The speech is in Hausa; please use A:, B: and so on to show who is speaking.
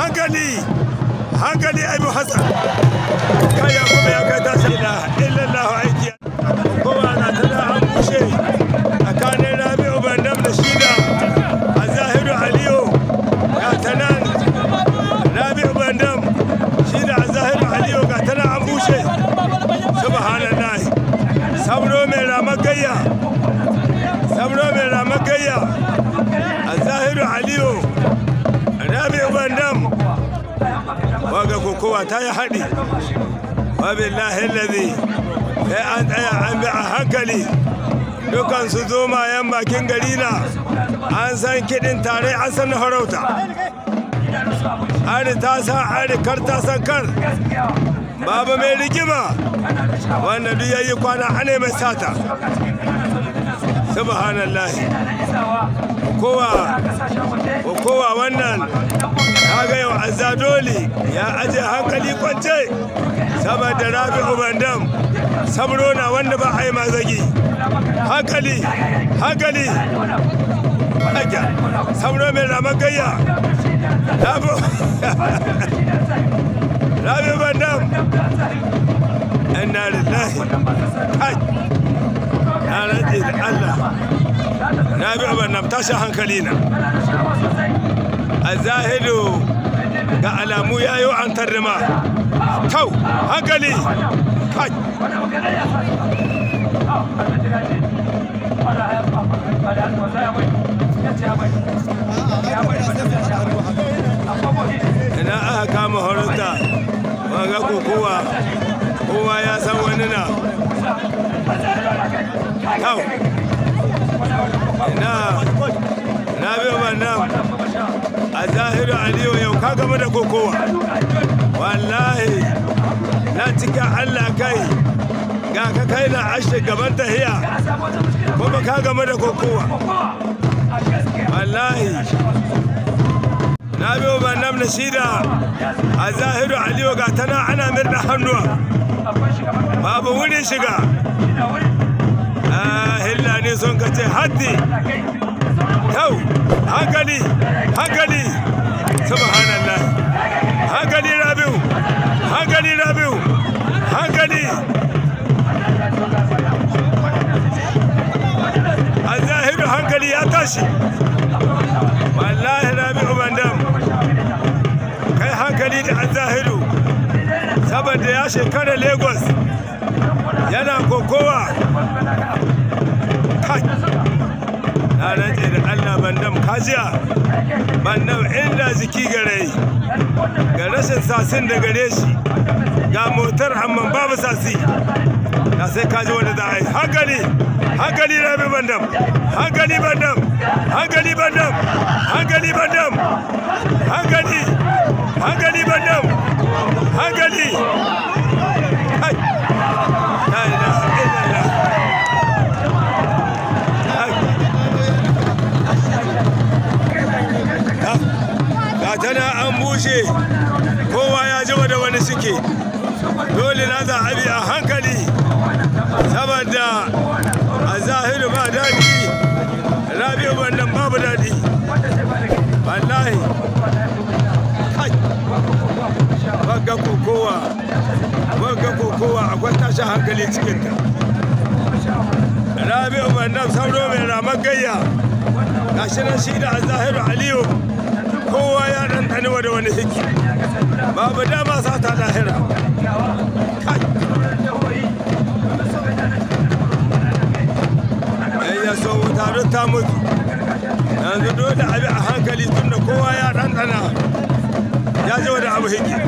A: hankali hankali abu hassan kaya kuma ya kai tashi ila illallah aiki kowa na tana an bushe tsakanin rabi'u bandam da shida a zahiru aliyu ga tana rabi'u shi shida a zahiru aliyu ga tana an bushe subhanallah sabro mai ramakayya sabro mai ramakayya a zahiru aliyu Dame Van waga kokowa ta yi haɗi wabillahi lazi sai an tsaya an bi a hankali dukan su zoma yan bakin gari na an san kiɗin tare an san harauta ari ta san ari kar ta san kar babu mai rigima wanda duk yayi kwana ana mai sata subhanallahi kowa kowa wannan ga yau dole, ya aje hankali kwance saboda rabi ubandam samro na wanda ba a yi mazagi hankali hankali ake mai ramar gayya rabi ubandam inna lillahi kai na rantsi da allah rabi ubandam tashi hankali na a zahido ga alamu ya yi an tarrima kau hankali kai ina aka kama horonta ga kowa kowa ya san wani na kau a zahiru aliyu yau ka gaba da kokowa wallahi na cika allah kai ga ka kai na ashe gaban tahiya kuma ka gaba da kokowa wallahi na biyo ban nam na shida a zahiru aliyu ga tana ana mirna hannuwa babu wurin shiga hillani sun kace haddi yau hankali hankali alhaji azahiru saboda ya shekara lagos yana kokowa na rantse da allah bandam kajiya bandam inda ziki gare ga rashin sasin da gare shi ga motar amma babu sasi na sai kaji wanda za a yi hankali hankali rabi bandam hankali bandam hankali bandam hankali bandam hankali hankali bandau hankali tana an bushe kowa ya ji da wani suke dole na zahabi a hankali saboda a zahiru ba daɗi rabi'u wannan babu daɗi kowa akwai tashin hankali cikinta rabi'u bandam sauro mai ramar gayya gashi nan shi da zahiru aliyu kowa ya ɗanɗani da wani hiki babu dama sa ta lahira kai ya so wuta ta mutu yanzu dole abi a hankali tunda kowa ya ɗanɗana ya ji wani abu hiki